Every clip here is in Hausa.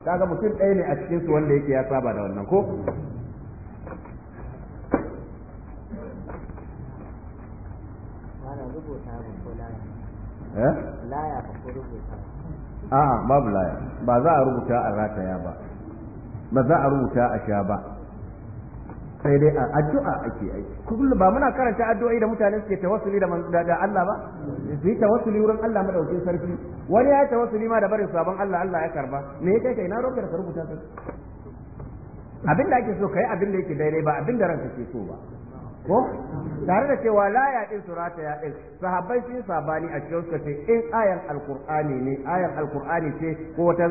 kaga mutum ɗaya ne a cikin su wanda yake ya saba da wannan ko ba za a rubuta a rataya ba ba za a rubuta a sha ba sai dai a addu'a ake yi kullum ba muna karanta addu'o'i da mutane suke tawassuli da da Allah ba su yi tawassuli wurin Allah madaukakin sarki wani ya tawassuli ma da barin sabon Allah Allah ya karba me yake kai na roƙar ka rubuta ta abin da ake so kai abin da yake daidai ba abin da ranka ke so ba ko tare da cewa la ya din surata ya din sahabbai sun sabani a cikin suka ce in ayan alqur'ani ne ayan alqur'ani ce ko wata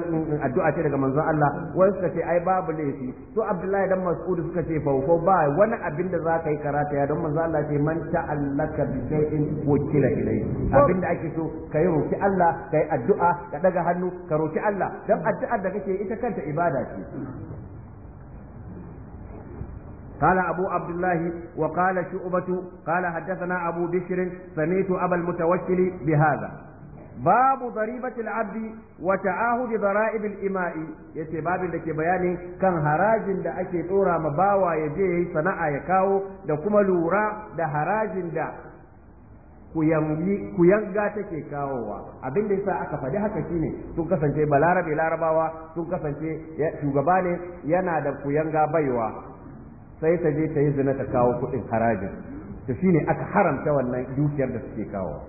addu'a ce daga manzon Allah wani suka ce ai babu laifi to Abdullahi dan Mas'ud suka ce fa ko ba wani abin da za ka yi karata ya don manzon Allah ce man ta'allaka bi shay'in wukila ilayhi abinda ake so ka yi roki Allah ka yi addu'a ka daga hannu ka roki Allah dan addu'ar da kake ita kanta ibada ce قال أبو عبد الله وقال شعبة قال حدثنا أبو بشر سمعت أبا المتوكل بهذا باب ضريبة العبد وتعاهد ضرائب الإماء yace babin da ke bayanin kan harajin da ake dora ma bawa ya je yayi sana'a ya kawo da kuma lura da harajin da kuyanga take kawowa abin da yasa aka faɗi haka shine sun kasance balarabe larabawa sun kasance shugaba ne yana da kuyanga baiwa sai ta je ta yi zina ta kawo kuɗin harajin to shine aka haramta wannan dukiyar da suke kawo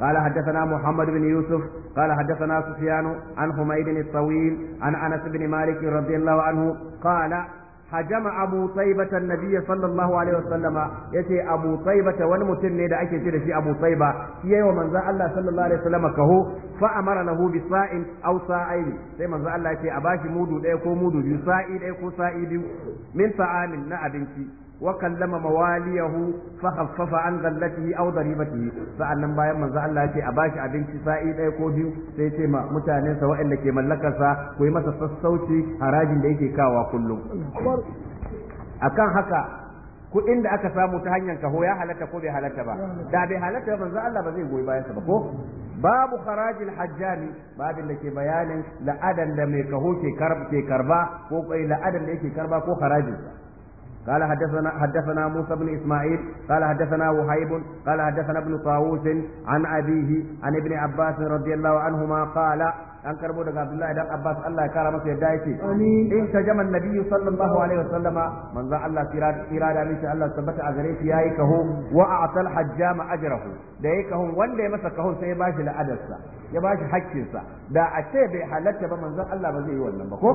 قال حدثنا محمد بن يوسف قال حدثنا سفيان عن حميد الطويل عن انس بن مالك رضي الله عنه قال hajama abu taibata nabiyya sallallahu alaihi wasallama yace abu taibata wani mutum ne da ake ce da shi abu taiba shi yayi wa Allah sallallahu alaihi wasallama kaho fa amara lahu bi sa'in aw sa'aini sai manzon Allah yace a bashi mudu ɗaya ko mudu biyu sa'i ɗaya ko sa'i biyu min ta'amin na abinci وكلم مواليه فخفف عن ba او ضريبته sa'annan bayan manzo Allah ce a bashi abinci sa'i ɗaya ko biyu sai ce ma mutanen waɗanda ke mallakarsa ku yi masa sassauci harajin da yake kawa kullum akan haka kuɗin da aka samu ta hanyar kaho ya halatta ko bai halatta ba da bai halatta manzo Allah ba zai goyi bayansa ba ko babu harajin hajjari, babin da ke bayanin la'adan da mai kaho ke karba ko la'adan da yake karba ko harajinsa قال حدثنا حدثنا موسى بن اسماعيل قال حدثنا وهيب قال حدثنا ابن طاووس عن ابيه عن ابن عباس رضي الله عنهما قال an karbo daga Abdullahi dan Abbas Allah ya kara masa yadda yake in ta jaman nabiyyu sallallahu alaihi wasallama manzo Allah irada mishi Allah tabbata a gare shi yayi kaho wa asal hajjama ajrahu da yi kahon wanda ya masa kahon sai ya bashi la'adarsa ya bashi hakkinsa da a ce bai halatta ba manzan Allah ba zai yi wannan ba ko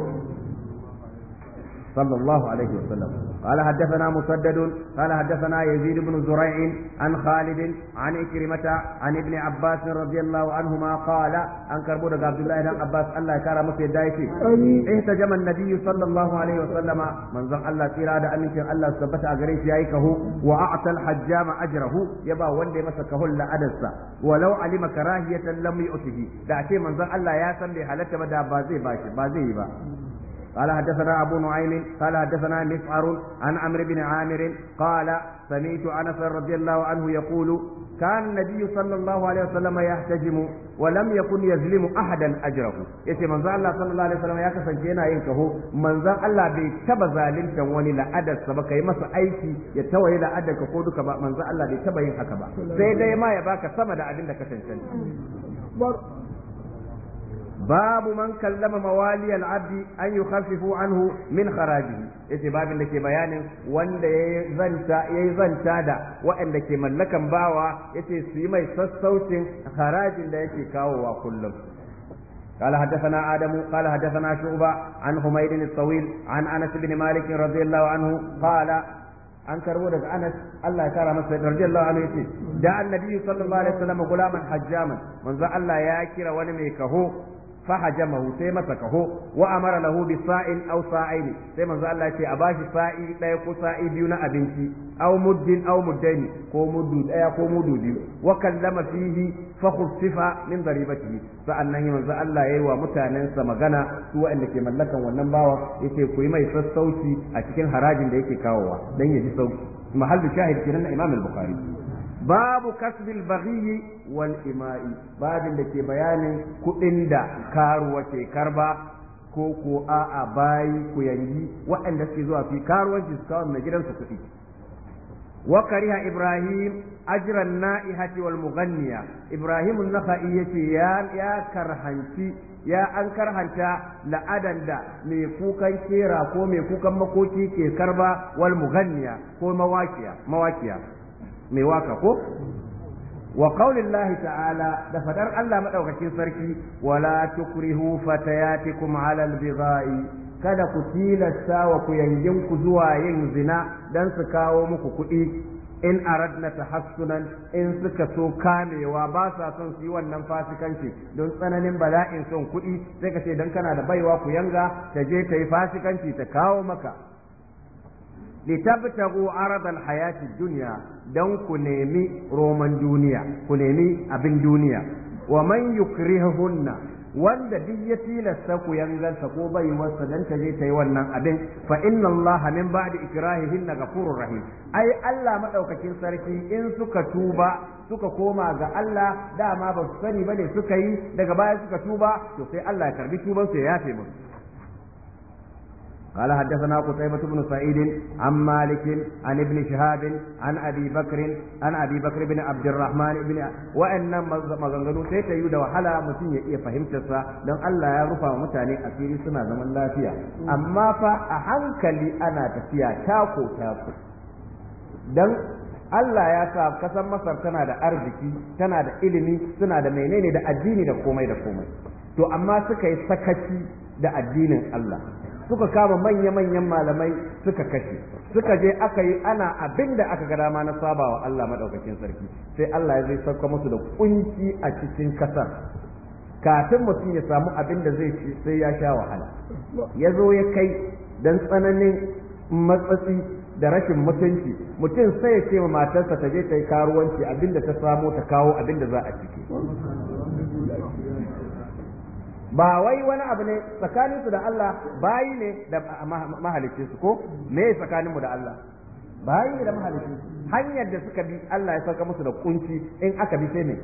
صلى الله عليه وسلم قال حدثنا مسدد قال حدثنا يزيد بن زريع عن خالد عن إكرمة عن ابن عباس رضي الله عنهما قال عن كربون عبد الله بن عباس الله كرم في دايتي احتجم النبي صلى الله عليه وسلم من زم الله تيرا أن شاء الله ثبت أجريش يايكه وأعطى الحجام أجره يبا ولي مسكه لأدسه ولو علم كراهية لم يؤته دعتي من زم الله يا سمي حالته بدا بازي باشي بازي با قال حدثنا أبو نعيم قال حدثنا مسعر عن عمرو بن عامر قال سمعت أنس رضي الله عنه يقول كان النبي صلى الله عليه وسلم يحتجم ولم يكن يظلم أحدا أجره يتي من الله صلى الله عليه وسلم يكسن جينا ينكه من ذا الله بي تبا ظالم تنواني لأدد سبك يمس أيكي يتوى إلى أدد كفودك من ذا الله بي تبا ينحك با زي ما يباك سمد أدن كسن babu man kallama mawali abdi an yukhaffifu anhu min kharajihi yace babin da ke bayanin wanda yayi zanta yayi zanta da waɗanda ke mallakan bawa yace su yi mai sassaucin harajin da yake kawowa kullum قال حدثنا آدم قال حدثنا شعبة عن حميد الطويل عن أنس بن مالك رضي الله عنه قال عن كرودة أنس الله يكرم مسجد رضي الله عنه يتي جاء النبي صلى الله عليه وسلم غلاما حجاما من ذا الله ياكر ونميكه fahajamahu sai masa kaho wa'a mara lahu bi sa'in aw sa'aini sai manzo Allah ce a bashi sa'i ɗaya ko sa'i biyu na abinci aw muddin aw muddaini ko mudu ɗaya ko muddu biyu wa kallama fihi fa khusifa min daribatihi sa'annan manzo Allah ya yi wa mutanen magana su waɗanda ke mallakan wannan bawa yace ku yi mai sassauci a cikin harajin da yake kawowa dan ya ji sauki mahallu shahid kenan na Imam al babu kasbil baghi wal ima'i babin da ke bayanin kuɗin da karuwa ke karba ko ko a'a bayi ku yangi waɗanda suke zuwa fi karuwanci su kawo mai gidansu kuɗi wa kariha ibrahim ajran na'ihati wal mughanniya ibrahim an-nakhai yace ya ya karhanci ya an karhanta la'adan da mai kukan kera ko mai kukan makoki ke karba wal mughanniya ko mawakiya mawakiya mai waka ko wa qaulillahi ta'ala da fadar Allah madaukakin sarki wala tukrihu fatayatikum 'ala albigha'i kada ku tilasta wa ku yangin ku zuwa yin zina dan su kawo muku kuɗi in aradna tahassunan in suka so kamewa ba sa son su yi wannan fasikanci don tsananin bala'in son kuɗi sai ka ce dan kana da baiwa ku yanga ta je ta yi fasikanci ta kawo maka litabtagu aradal hayati dunya dan ku nemi roman duniya ku nemi abin duniya wa man yukrihunna wanda duk ya tilasta ku yanzarsa ko bai wasa dan ta je ta yi wannan abin fa inna Allah min ba'di ikrahihinna ghafurur rahim ai Allah madaukakin sarki in suka tuba suka koma ga Allah dama ba su sani bane suka yi daga baya suka tuba to sai Allah ya karbi tuban su ya yafe musu قال حدثنا قتيبة بن سعيد عن مالك عن ابن شهاب عن أبي بكر عن أبي بكر بن عبد الرحمن بن وإن مغنغنو سيتا يودا وحلا متين يئي فهمت سا دون الله يرفع متاني أسيري سنة زمن لا فيها أما فأحنك لي أنا تفيا تاكو تاكو دون Allah ya sa kasan Masar tana da arziki, tana da ilimi, suna da menene da addini da komai da komai. To amma suka yi sakaci da addinin Allah. suka kama manya-manyan malamai suka kashe suka je aka yi ana abin da aka ga dama na sabawa Allah madaukakin sarki sai Allah ya zai sauka musu da kunci a cikin kasar kafin mutum ya samu abin da zai ci sai ya sha wahala ya zo ya kai dan tsananin matsatsi da rashin mutunci mutum sai ya ce ma matarsa ta je ta yi karuwanci abin da ta samo ta kawo abin da za a ciki ba wai wani abu ne tsakaninsu da Allah bayi ne da mahalicin su ko me tsakanin mu da Allah bayi ne da mahalicin hanyar da suka bi Allah ya sauka musu da kunci in aka bi sai ne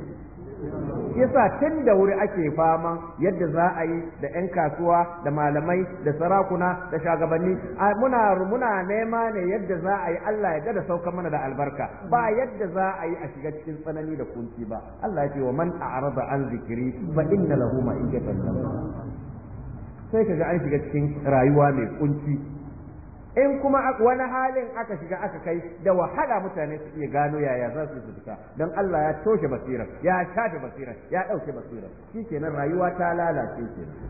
yasa tun da wuri ake fama yadda za a yi da 'yan kasuwa da malamai da sarakuna da shagabanni muna muna nema ne yadda za a yi Allah ya gada sauka mana da albarka ba yadda za a yi a shiga cikin tsanani da kunci ba Allah ya ce wa man a'rada an zikiri fa inna lahu ma'ijatan sai kaga an shiga cikin rayuwa mai kunci in kuma wani halin aka shiga aka kai da wahala mutane su iya gano yaya za su fita don Allah ya toshe basirar ya shafe basirar ya ɗauke basirar shi kenan rayuwa ta lalace kenan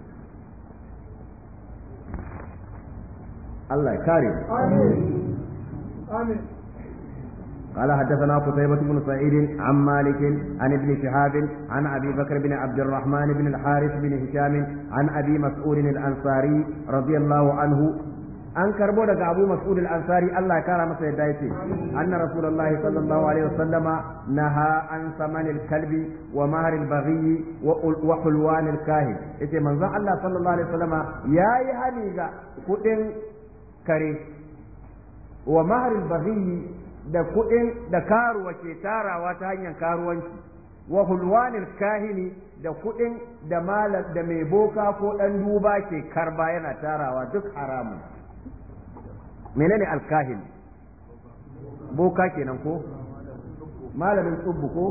Allah ya kare amin قال حدثنا قتيبة بن سعيد عن مالك عن ابن شهاب عن أبي بكر بن عبد الرحمن بن الحارث بن هشام عن أبي مسعود الأنصاري رضي الله عنه an karbo daga Abu Mas'ud al-Ansari Allah ya kara masa yadda yake anna Rasulullah sallallahu alaihi wasallama naha an saman al-kalbi wa mahar al-baghi wa hulwan al-kahin yace manzon Allah sallallahu alaihi wasallama yayi hali ga kudin kare wa mahar al-baghi da kudin da karuwa ke tarawa ta hanyar karuwanci wa hulwan al-kahini da kudin da malam da mai boka ko dan duba ke karba yana tarawa duk haramun menene alkahin boka kenan ko malamin tsubbu ko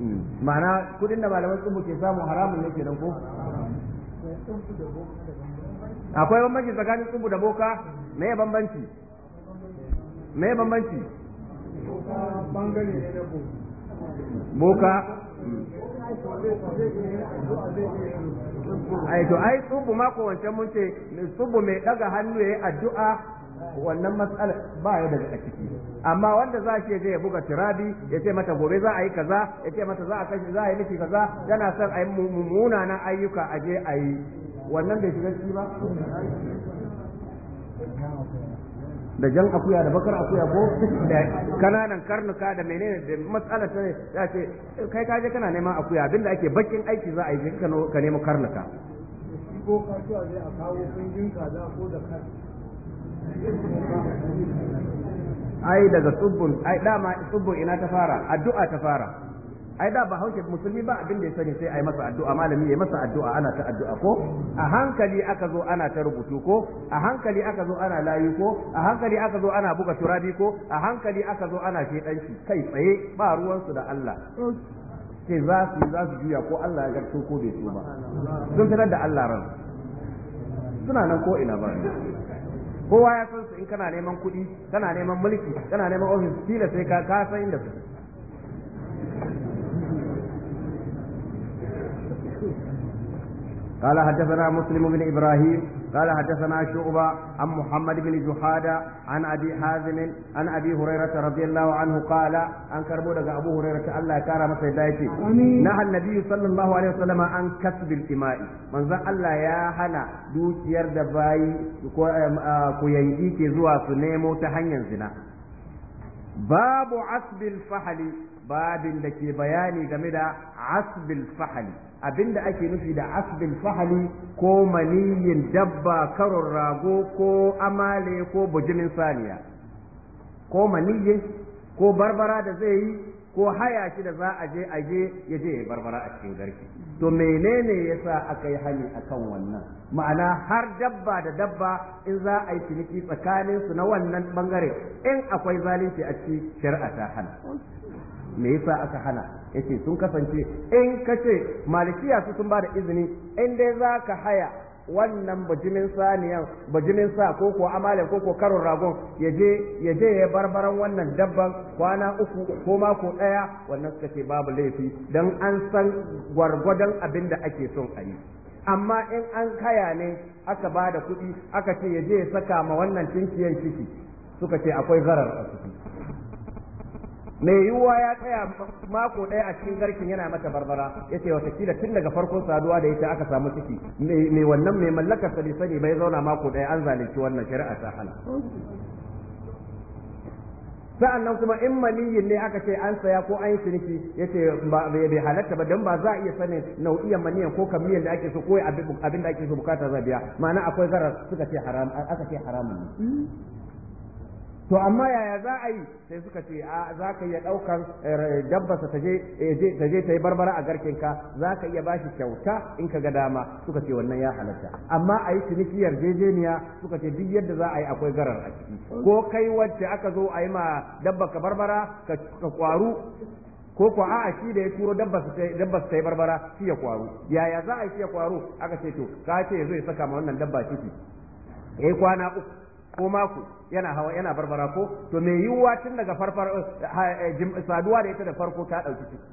hmm. ma'ana kudin da malamin tsubbu ke samu haramun ne kenan ko akwai bambanci tsakanin tsubbu da boka me bambanci me bambanci boka ai to ai tsubbu mako wancan mun ce tsubbu mai daga hannu yayi addu'a wannan matsala ba ya daga a ciki amma wanda za shi je ya buga tirabi ya ce mata gobe za a yi kaza ya ce mata za a kashi za a yi miki kaza yana son a yi munanan ayyuka a je a yi wannan bai shiga ciki ba da jan akuya da bakar akuya ko da kananan karnuka da menene da matsalar ta ne ya ce kai ka je kana neman akuya abinda ake bakin aiki za a yi ka nemo karnuka ko ka a kawo kungin kaza ko da karnuka ai daga tsubbun ai dama tsubbun ina ta fara addu'a ta fara ai da ba hauke musulmi ba abin da ya sani sai ai masa addu'a malami ya masa addu'a ana ta addu'a ko a hankali aka zo ana ta rubutu ko a hankali aka zo ana layu ko a hankali aka zo ana buga turabi ko a hankali aka zo ana shi kai tsaye ba ruwansu da Allah sai za su za su juya ko Allah ya garto ko bai so ba sun fitar da Allah ran suna nan ko ina ba kowa ya san su in kana neman kuɗi kana neman mulki kana neman ofis kila sai ka ka san inda su قال حدثنا مسلم بن ابراهيم قال حدثنا شعبة عن محمد بن جحادة عن أبي حازم عن أبي هريرة رضي الله عنه قال عن كربودة أبو هريرة الله كرم سيدايتي نهى النبي صلى الله عليه وسلم عن كسب الإماء من ذا الله يا هنا دوك يرد باي كوينجيكي زوا سنيمو تهنين زنا باب عصب الفحل babin da ke bayani game da asbil fahali abinda ake nufi da asbin fahali ko maniyin dabba karon rago ko amale ko bujimin saniya ko maniyi ko barbara da zai yi ko haya shi da za a je a je ya je barbara a cikin garki to menene yasa aka yi hani akan wannan ma'ana har dabba da dabba in za a yi ciniki tsakanin su na wannan bangare in akwai zalunci a cikin shari'a ta hana me yasa aka hana yace sun kasance in ka ce malikiya su sun ba da izini in dai za ka haya wannan bajimin saniyan bajimin sa ko ko amale ko ko karon ragon ya je ya je ya barbaran wannan dabban kwana uku ko mako daya wannan suka ce babu laifi dan an san gwargwadon abin da ake son a yi amma in an kaya ne aka ba da kuɗi aka ce ya je ya saka ma wannan tinkiyan ciki suka ce akwai zarar a ciki mai yiwuwa ya tsaya mako ɗaya a cikin garkin yana mata barbara ya ce watakila tun daga farkon saduwa da ita aka samu ciki mai wannan mai mallakar sani sani bai zauna mako ɗaya an zalunci wannan shari'a ta hana sa'an kuma in maniyin ne aka ce an saya ko an yi ciniki ya ce bai halatta ba don ba za a iya sanin nau'iyan maniyan ko kamiyyar da ake so ko abin da ake so bukata zabiya ma'ana akwai zarar suka aka ce haramun ne to amma yaya za a yi sai suka ce a za ka iya ɗaukar eh, sa eh, ta je ta yi barbara a garkinka za ka iya bashi kyauta in ka ga dama suka ce wannan ya halatta amma a yi ciniki yarjejeniya suka ce duk yadda za a yi akwai garar a ciki ko kai wacce aka zo a yi ma dabba ka barbara ka kwaru ko ko a'a shi da ya turo dabba su dabba yi barbara shi ya kwaru yaya za a yi shi ya kwaru aka ce to ka ce zai saka ma wannan dabba ciki eh kwana uku ko mako yana hawa yana barbara ko to me yiwuwa tun daga farfar eh, eh, saduwa da ita da farko ta dauki ciki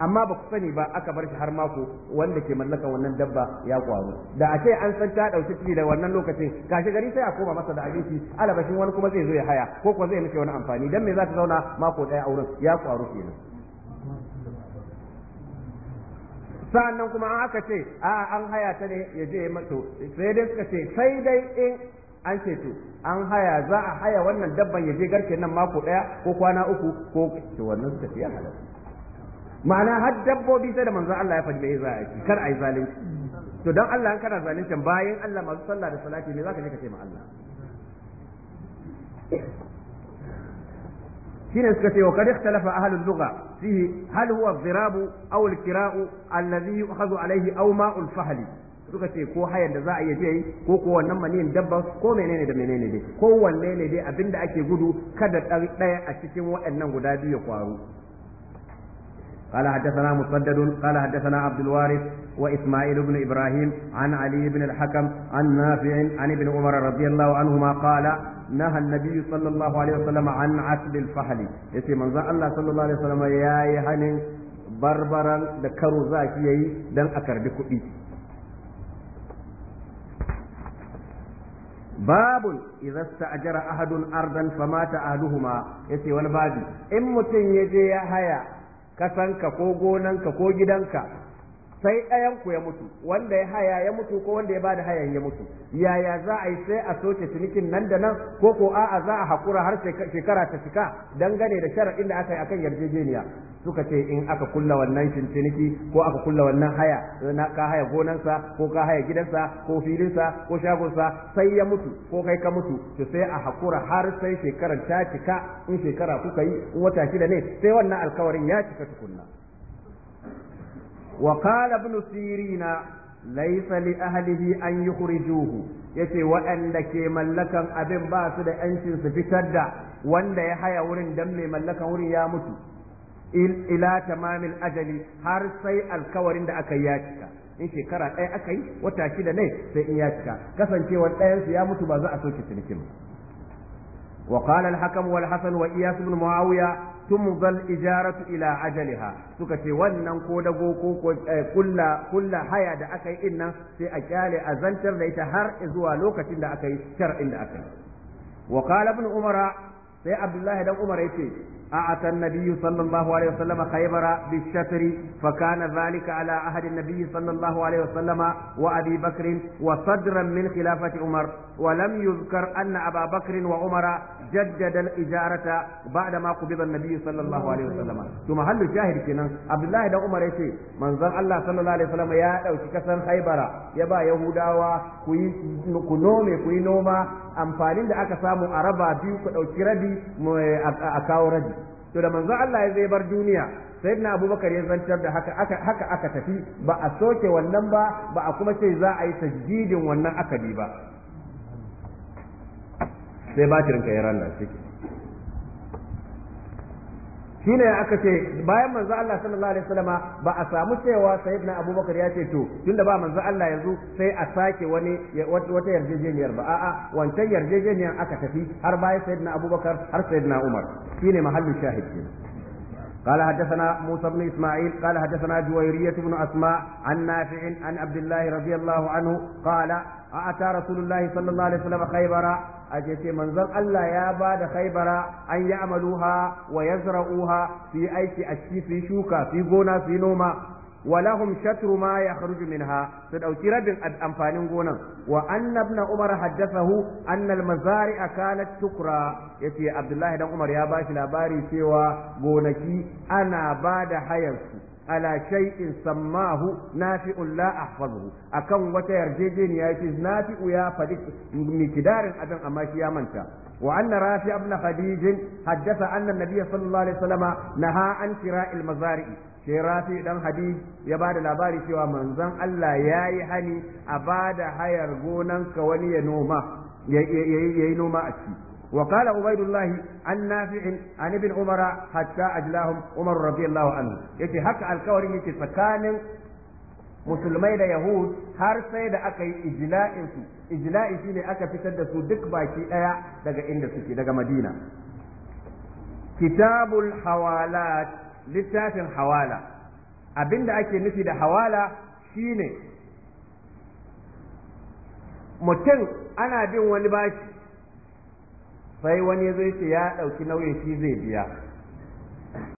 amma ba ku sani ba aka bar shi har mako wanda ke mallaka wannan dabba ya kwaro da a ce an san ta dauki ciki da wannan lokacin gashi gari sai a koma masa da abinci alabashin wani kuma zai zo ya haya ko kuma zai nufi wani amfani dan me za ta zauna mako ɗaya a wurin ya kwaru kenan sa'annan kuma an aka ce a an haya ta ne ya je mato sai dai suka ce sai dai in an ce to an haya za a haya wannan dabban ya je garke nan mako daya ko kwana uku ko to wannan suka ce ya ma'ana har dabbobi sai da manzo Allah ya faɗi mai za a yi kar a yi zalunci to dan Allah an kana zaluncin bayan Allah masu sallah da salati ne zaka je ka ce ma Allah shine suka ce wa kad ikhtalafa ahlul lugha fihi hal huwa adh dhirabu aw al-kira'u alladhi yu'khadhu alayhi aw ma'ul fahli suka ce ko hayan da za a iya je yi ko ko wannan maniyin dabban ko menene da menene dai ko wanne ne dai abinda ake gudu kada ɗaya a cikin waɗannan guda biyu ya kwaru قال حدثنا مسدد قال حدثنا عبد الوارث وإسماعيل بن إبراهيم عن علي بن الحكم عن نافع عن ابن عمر رضي الله عنهما قال نهى النبي صلى الله عليه وسلم عن عسل الفحل يتي من الله صلى الله عليه وسلم يا يهن بربرا ذكروا ذاك يي دن أكرد كؤي babun idza sta'jara ahadun ardan famata ya yace wani babi in mutum ya je ya haya kasanka ko gonanka ko gidanka sai ɗayan ku ya mutu wanda ya haya ya mutu ko wanda ya bada hayan ya mutu yaya za a yi sai a soke cinikin nan da nan ko ko a'a za a hakura har shekara ta cika dangane da sharaɗin da aka yi akan yarjejeniya suka ce in aka kulla wannan ciniki ko aka kulla wannan haya na ka haya gonansa ko ka haya gidansa ko filinsa ko shagonsa sai ya mutu ko kai ka mutu to sai a hakura har sai shekarar ta cika in shekara kuka yi in wata shida ne sai wannan alkawarin ya cika tukunna وقال ابن سيرين ليس لأهله أن يخرجوه yace waɗanda ke mallakan abin ba su da ‘yancin su fitar da wanda ya haya wurin dan mai mallakan wurin ya mutu ila tamamil ajali har sai alkawarin da aka ya cika in shekara ɗaya aka yi wata shida ne sai in ya cika kasancewar ɗayansu ya mutu ba za a soke cinikin wa qala al-hakam wal hasan wa iyas ibn tumzal ijaratu ila ajaliha suka ce wannan ko dago ko eh, kulla kulla haya da aka yi innan sai a kyale a zantar da ita har zuwa lokacin da aka yi shar'in da aka yi wa qala ibn umara sai abdullahi dan umar yace أعطى النبي صلى الله عليه وسلم خيبر بالشتر فكان ذلك على عهد النبي صلى الله عليه وسلم وأبي بكر وصدرا من خلافة عمر ولم يذكر أن أبا بكر وعمر جدد الإجارة بعدما قبض النبي صلى الله عليه وسلم ثم هل شاهد كنا عبد الله بن عمر يشي من ظن الله صلى الله عليه وسلم يا أو كسر خيبر يبا يهودا كوي كنومي كوي نوما amfanin da aka samu a raba biyu ku ɗauki rabi a kawo rabi to da manzon Allah ya zai bar duniya sayyidina Abubakar ya zantar da haka aka haka aka tafi ba a soke wannan ba ba a kuma ce za a yi tajdidin wannan akadi ba sai ba kirin ka ya da ciki shine aka ce bayan manzo Allah sallallahu alaihi wasallama ba a samu cewa sayyidina Abubakar ya ce to tunda ba manzo Allah yanzu sai a sake wani wata yarjejeniyar ba a'a wancan yarjejeniyar aka tafi har bayan sayyidina Abubakar har sayyidina Umar shine mahallin shahid قال حدثنا موسى بن إسماعيل قال حدثنا جويرية بن أسماء عن نافع عن عبد الله رضي الله عنه قال أتى رسول الله صلى الله عليه وسلم خيبر أجيت منزل ألا يا بعد خيبر أن يعملوها ويزرعوها في أي أشي في شوكة في غنى في نومة ولهم شطر ما Ha. Su ɗauki رب amfanin gonan wa annabna umar haddathahu anna al-mazari'a kanat tukra yace abdullahi dan umar ya ba shi labari cewa gonaki ana bada hayarsu ala shay'in sammahu nafi'un la ahfazuhu akan wata yarjejeniya yace nafi'u ya fadi mikidarin abin amma shi ya manta وأن رافع بن خديج حدث أن النبي صلى الله عليه وسلم نهى عن شراء المزارع sai rafi dan hadis ya ba da labari cewa manzon Allah ya yi hani a ba da hayar gonanka wani ya noma ya yi noma a ciki وقال عبيد الله عن نافع عن ابن عمر حتى أجلاهم عمر رضي anhu عنه يتي حق الكوري يتي musulmai da yahud har sai da aka yi ijla'insu ijla'i shine aka fitar da su duk baki daya daga inda suke daga madina kitabul hawalat littafin hawala abinda ake nufi da hawala shine mutum ana bin wani bashi sai wani zai ce ya ɗauki nauyin shi zai biya